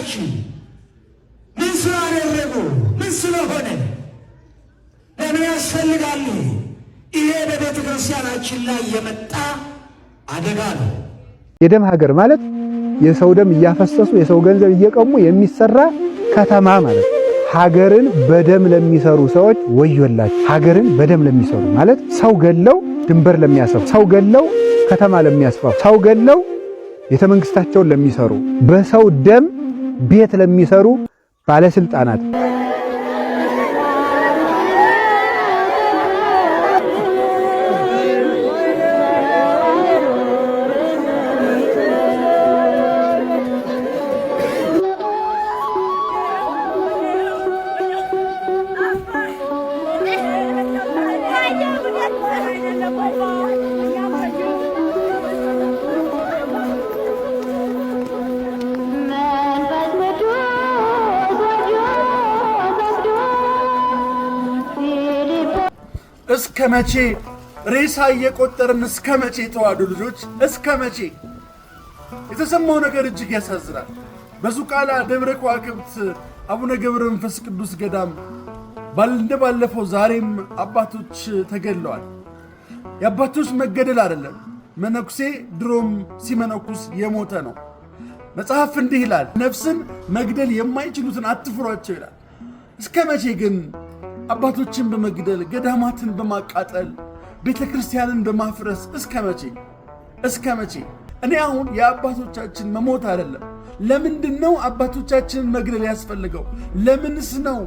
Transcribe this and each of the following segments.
ያደረጋችሁ? ምን ስላደረጉ? ምን ስለሆነ? ለምን ያስፈልጋሉ? ይሄ በቤተ ክርስቲያናችን ላይ የመጣ አደጋ ነው። የደም ሀገር ማለት የሰው ደም እያፈሰሱ የሰው ገንዘብ እየቀሙ የሚሰራ ከተማ ማለት ሀገርን በደም ለሚሰሩ ሰዎች ወዮላቸው። ሀገርን በደም ለሚሰሩ ማለት ሰው ገለው ድንበር ለሚያሰፉ፣ ሰው ገለው ከተማ ለሚያስፋፉ፣ ሰው ገለው ቤተ መንግስታቸውን ለሚሰሩ በሰው ደም ቤት ለሚሰሩ ባለስልጣናት እስከ መቼ ሬሳ እየቆጠርን እስከ መቼ ተዋዱ ልጆች እስከ መቼ? የተሰማው ነገር እጅግ ያሳዝናል። በዙቃላ ደብረ ከዋክብት አቡነ ገብረ መንፈስ ቅዱስ ገዳም እንደ ባለፈው ዛሬም አባቶች ተገድለዋል። የአባቶች መገደል አይደለም፣ መነኩሴ ድሮም ሲመነኩስ የሞተ ነው። መጽሐፍ እንዲህ ይላል፣ ነፍስን መግደል የማይችሉትን አትፍሯቸው ይላል። እስከ መቼ ግን አባቶችን በመግደል ገዳማትን በማቃጠል ቤተ ክርስቲያንን በማፍረስ እስከ መቼ እስከ መቼ? እኔ አሁን የአባቶቻችን መሞት አይደለም። ለምንድን ነው አባቶቻችንን መግደል ያስፈልገው? ለምንስ ነው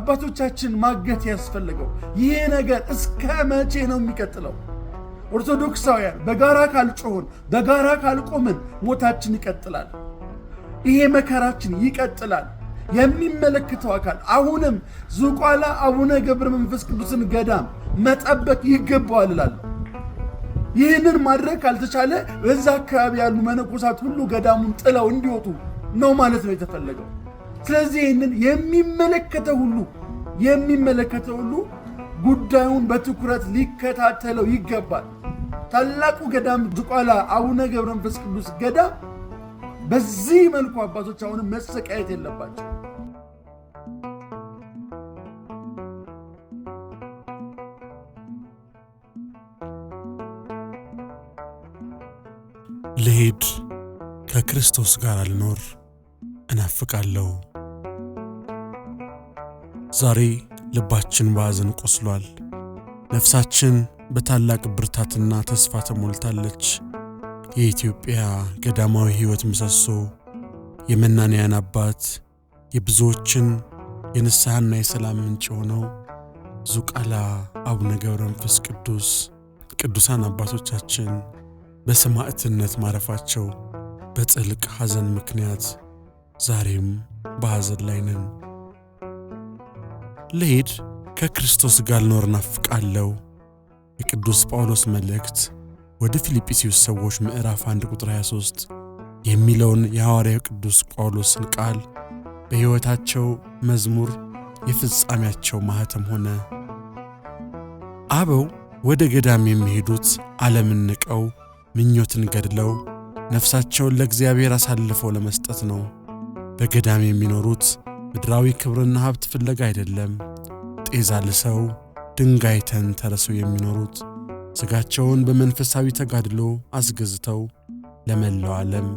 አባቶቻችን ማገት ያስፈልገው? ይሄ ነገር እስከ መቼ ነው የሚቀጥለው? ኦርቶዶክሳውያን በጋራ ካልጮሆን በጋራ ካልቆምን ሞታችን ይቀጥላል። ይሄ መከራችን ይቀጥላል። የሚመለከተው አካል አሁንም ዝቋላ አቡነ ገብረ መንፈስ ቅዱስን ገዳም መጠበቅ ይገባዋል እላለሁ። ይህንን ማድረግ ካልተቻለ በዛ አካባቢ ያሉ መነኮሳት ሁሉ ገዳሙን ጥለው እንዲወጡ ነው ማለት ነው የተፈለገው። ስለዚህ ይህንን የሚመለከተው ሁሉ የሚመለከተው ሁሉ ጉዳዩን በትኩረት ሊከታተለው ይገባል። ታላቁ ገዳም ዝቋላ አቡነ ገብረ መንፈስ ቅዱስ ገዳም በዚህ መልኩ አባቶች አሁንም መሰቃየት የለባቸው። ልሄድ፣ ከክርስቶስ ጋር ልኖር እናፍቃለሁ። ዛሬ ልባችን በሐዘን ቆስሏል። ነፍሳችን በታላቅ ብርታትና ተስፋ ተሞልታለች። የኢትዮጵያ ገዳማዊ ሕይወት ምሰሶ፣ የመናንያን አባት፣ የብዙዎችን የንስሐና የሰላም ምንጭ የሆነው ዙቃላ አቡነ ገብረ መንፈስ ቅዱስ ቅዱሳን አባቶቻችን በሰማዕትነት ማረፋቸው በጥልቅ ሐዘን ምክንያት ዛሬም በሐዘን ላይ ነን። ልሂድ ከክርስቶስ ጋር ልኖር ናፍቃለው የቅዱስ ጳውሎስ መልእክት ወደ ፊልጵስዩስ ሰዎች ምዕራፍ 1 ቁጥር 23 የሚለውን የሐዋርያው ቅዱስ ጳውሎስን ቃል በሕይወታቸው መዝሙር የፍጻሜያቸው ማኅተም ሆነ። አበው ወደ ገዳም የሚሄዱት ዓለምን ንቀው ምኞትን ገድለው ነፍሳቸውን ለእግዚአብሔር አሳልፈው ለመስጠት ነው። በገዳም የሚኖሩት ምድራዊ ክብርና ሀብት ፍለጋ አይደለም። ጤዛ ልሰው ድንጋይ ተንተርሰው የሚኖሩት ሥጋቸውን በመንፈሳዊ ተጋድሎ አስገዝተው ለመላው ዓለም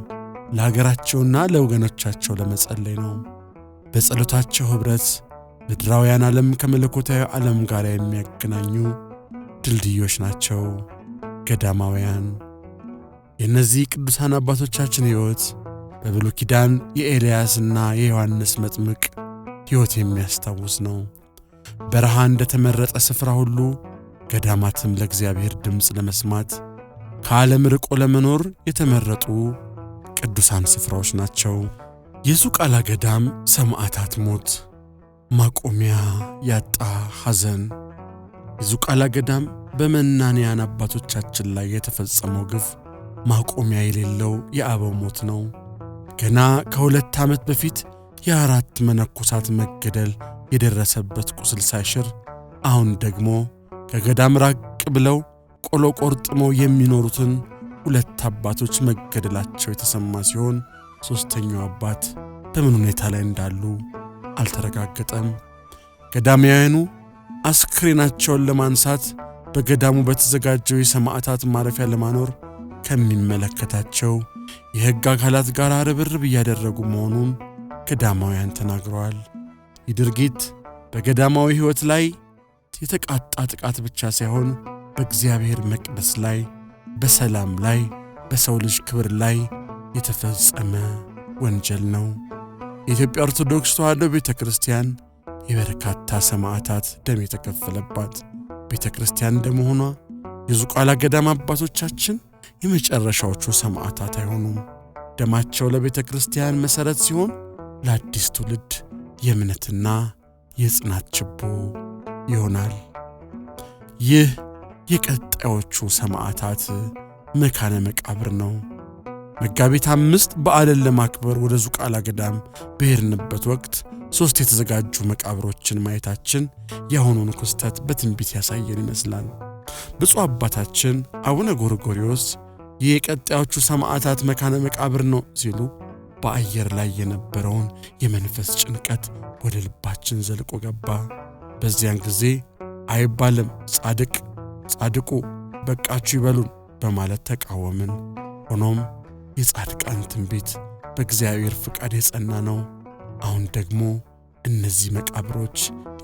ለአገራቸውና ለወገኖቻቸው ለመጸለይ ነው። በጸሎታቸው ኅብረት ምድራውያን ዓለም ከመለኮታዊ ዓለም ጋር የሚያገናኙ ድልድዮች ናቸው ገዳማውያን። የእነዚህ ቅዱሳን አባቶቻችን ሕይወት በብሉይ ኪዳን የኤልያስና የዮሐንስ መጥምቅ ሕይወት የሚያስታውስ ነው። በረሃ እንደ ተመረጠ ስፍራ ሁሉ ገዳማትም ለእግዚአብሔር ድምፅ ለመስማት ከዓለም ርቆ ለመኖር የተመረጡ ቅዱሳን ስፍራዎች ናቸው። የሱቃላ ገዳም ሰማዕታት ሞት ማቆሚያ ያጣ ሐዘን። የዙቃላ ገዳም በመናንያን አባቶቻችን ላይ የተፈጸመው ግፍ ማቆሚያ የሌለው የአበው ሞት ነው። ገና ከሁለት ዓመት በፊት የአራት መነኮሳት መገደል የደረሰበት ቁስል ሳይሽር አሁን ደግሞ ከገዳም ራቅ ብለው ቆሎ ቆርጥመው የሚኖሩትን ሁለት አባቶች መገደላቸው የተሰማ ሲሆን ሦስተኛው አባት በምን ሁኔታ ላይ እንዳሉ አልተረጋገጠም። ገዳማውያኑ አስክሬናቸውን ለማንሳት በገዳሙ በተዘጋጀው የሰማዕታት ማረፊያ ለማኖር ከሚመለከታቸው የሕግ አካላት ጋር ርብርብ እያደረጉ መሆኑን ገዳማውያን ተናግረዋል። ይህ ድርጊት በገዳማዊ ሕይወት ላይ የተቃጣ ጥቃት ብቻ ሳይሆን በእግዚአብሔር መቅደስ ላይ፣ በሰላም ላይ፣ በሰው ልጅ ክብር ላይ የተፈጸመ ወንጀል ነው። የኢትዮጵያ ኦርቶዶክስ ተዋሕዶ ቤተ ክርስቲያን የበርካታ ሰማዕታት ደም የተከፈለባት ቤተ ክርስቲያን እንደመሆኗ የዝቋላ ገዳም አባቶቻችን የመጨረሻዎቹ ሰማዕታት አይሆኑም። ደማቸው ለቤተ ክርስቲያን መሠረት ሲሆን፣ ለአዲስ ትውልድ የእምነትና የጽናት ችቦ ይሆናል። ይህ የቀጣዮቹ ሰማዕታት መካነ መቃብር ነው። መጋቢት አምስት በዓልን ለማክበር ወደ ዙቃላ ገዳም በሄድንበት ወቅት ሦስት የተዘጋጁ መቃብሮችን ማየታችን የአሁኑን ክስተት በትንቢት ያሳየን ይመስላል። ብፁዕ አባታችን አቡነ ጎርጎሪዎስ ይህ የቀጣዮቹ ሰማዕታት መካነ መቃብር ነው ሲሉ በአየር ላይ የነበረውን የመንፈስ ጭንቀት ወደ ልባችን ዘልቆ ገባ። በዚያን ጊዜ አይባልም ጻድቅ ጻድቁ በቃችሁ ይበሉን በማለት ተቃወምን። ሆኖም የጻድቃን ትንቢት በእግዚአብሔር ፍቃድ የጸና ነው። አሁን ደግሞ እነዚህ መቃብሮች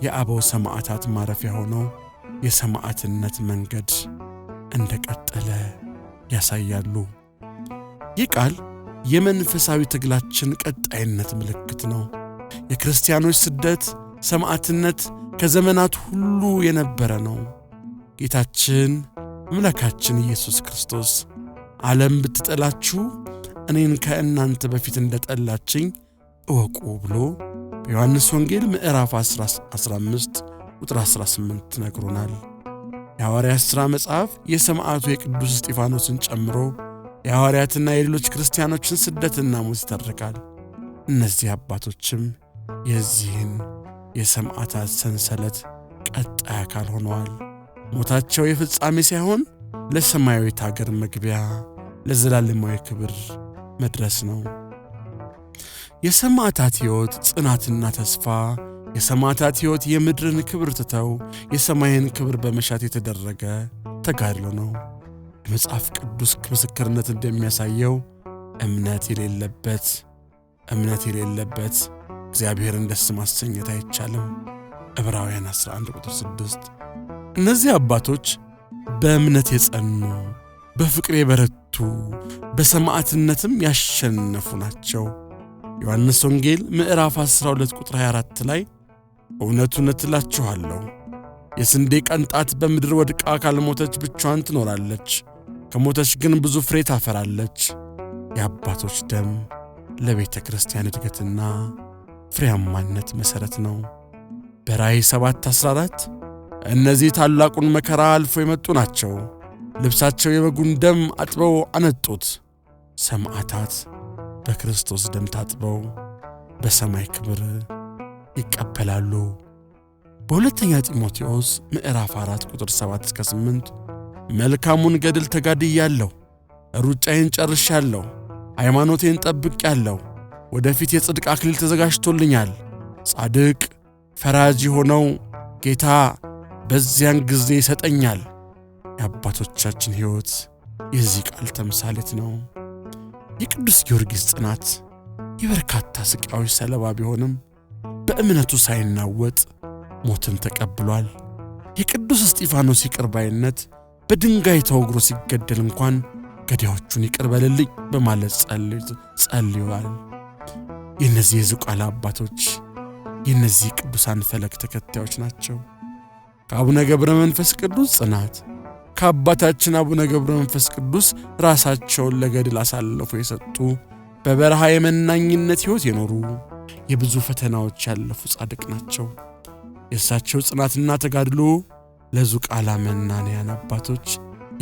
የአበው ሰማዕታት ማረፊያ ሆነው የሰማዕትነት መንገድ እንደቀጠለ ያሳያሉ። ይህ ቃል የመንፈሳዊ ትግላችን ቀጣይነት ምልክት ነው። የክርስቲያኖች ስደት፣ ሰማዕትነት ከዘመናት ሁሉ የነበረ ነው። ጌታችን አምላካችን ኢየሱስ ክርስቶስ ዓለም ብትጠላችሁ እኔን ከእናንተ በፊት እንደጠላችኝ እወቁ ብሎ በዮሐንስ ወንጌል ምዕራፍ 15 ቁጥር 18 ነግሮናል። የሐዋርያት ሥራ መጽሐፍ የሰማዕቱ የቅዱስ እስጢፋኖስን ጨምሮ የሐዋርያትና የሌሎች ክርስቲያኖችን ስደትና ሞት ይተርካል። እነዚህ አባቶችም የዚህን የሰማዕታት ሰንሰለት ቀጣይ አካል ሆነዋል። ሞታቸው የፍጻሜ ሳይሆን ለሰማያዊት አገር መግቢያ፣ ለዘላለማዊ ክብር መድረስ ነው። የሰማዕታት ሕይወት ጽናትና ተስፋ የሰማዕታት ሕይወት የምድርን ክብር ትተው የሰማይን ክብር በመሻት የተደረገ ተጋድሎ ነው። የመጽሐፍ ቅዱስ ምስክርነት እንደሚያሳየው እምነት የሌለበት እምነት የሌለበት እግዚአብሔርን ደስ ማሰኘት አይቻልም። ዕብራውያን 11 ቁጥር 6። እነዚህ አባቶች በእምነት የጸኑ በፍቅር የበረቱ በሰማዕትነትም ያሸነፉ ናቸው። ዮሐንስ ወንጌል ምዕራፍ 12 ቁጥር 24 ላይ እውነት እውነት እላችኋለሁ የስንዴ ቀንጣት በምድር ወድቃ ካልሞተች ብቻዋን ትኖራለች፣ ከሞተች ግን ብዙ ፍሬ ታፈራለች። የአባቶች ደም ለቤተ ክርስቲያን እድገትና ፍሬያማነት መሠረት ነው። በራእይ 7፥14 እነዚህ ታላቁን መከራ አልፎ የመጡ ናቸው፣ ልብሳቸው የበጉን ደም አጥበው አነጡት። ሰማዕታት በክርስቶስ ደም ታጥበው በሰማይ ክብር ይቀበላሉ። በሁለተኛ ጢሞቴዎስ ምዕራፍ 4 ቁጥር 7 እስከ 8 መልካሙን ገድል ተጋድያለሁ፣ ሩጫዬን ጨርሻለሁ፣ ሃይማኖቴን ጠብቄአለሁ፣ ወደፊት የጽድቅ አክሊል ተዘጋጅቶልኛል። ጻድቅ ፈራጅ የሆነው ጌታ በዚያን ጊዜ ይሰጠኛል። የአባቶቻችን ሕይወት የዚህ ቃል ተምሳሌት ነው። የቅዱስ ጊዮርጊስ ጽናት የበርካታ ስቃዮች ሰለባ ቢሆንም እምነቱ ሳይናወጥ ሞትን ተቀብሏል። የቅዱስ እስጢፋኖስ ይቅር ባይነት በድንጋይ ተወግሮ ሲገደል እንኳን ገዳዮቹን ይቅር በልልኝ በማለት ጸልዩዋል። የእነዚህ የዝቋላ አባቶች የእነዚህ ቅዱሳን ፈለግ ተከታዮች ናቸው። ከአቡነ ገብረ መንፈስ ቅዱስ ጽናት ከአባታችን አቡነ ገብረ መንፈስ ቅዱስ ራሳቸውን ለገድል አሳልፈው የሰጡ በበረሃ የመናኝነት ሕይወት የኖሩ የብዙ ፈተናዎች ያለፉ ጻድቅ ናቸው። የእሳቸው ጽናትና ተጋድሎ ለዝቋላ መናንያን አባቶች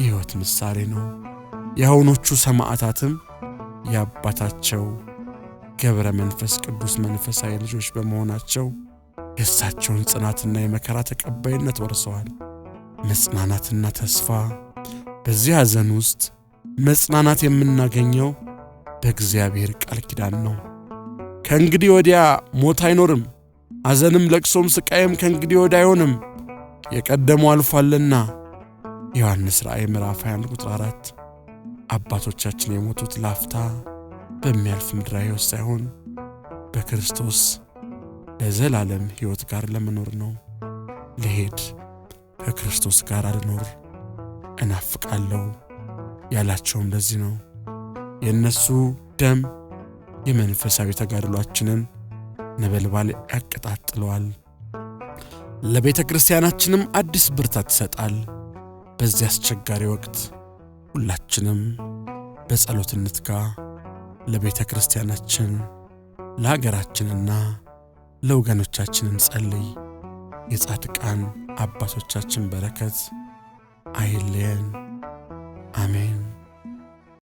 የሕይወት ምሳሌ ነው። የአሁኖቹ ሰማዕታትም የአባታቸው ገብረ መንፈስ ቅዱስ መንፈሳዊ ልጆች በመሆናቸው የእሳቸውን ጽናትና የመከራ ተቀባይነት ወርሰዋል። መጽናናትና ተስፋ በዚህ ሐዘን ውስጥ መጽናናት የምናገኘው በእግዚአብሔር ቃል ኪዳን ነው። ከእንግዲህ ወዲያ ሞት አይኖርም፣ ሐዘንም ለቅሶም ሥቃይም ከእንግዲህ ወዲያ አይሆንም፣ የቀደመው አልፏልና። ዮሐንስ ራእይ ምዕራፍ 21 ቁጥር 4። አባቶቻችን የሞቱት ላፍታ በሚያልፍ ምድራዊ ሕይወት ሳይሆን በክርስቶስ ለዘላለም ሕይወት ጋር ለመኖር ነው። ልሄድ ከክርስቶስ ጋር አልኖር እናፍቃለሁ ያላቸውም ለዚህ ነው። የእነሱ ደም የመንፈሳዊ ተጋድሏችንን ነበልባል ያቀጣጥለዋል። ለቤተ ክርስቲያናችንም አዲስ ብርታት ይሰጣል። በዚህ አስቸጋሪ ወቅት ሁላችንም በጸሎት እንትጋ። ለቤተ ክርስቲያናችን፣ ለሀገራችንና ለወገኖቻችን እንጸልይ። የጻድቃን አባቶቻችን በረከት አይለየን። አሜን።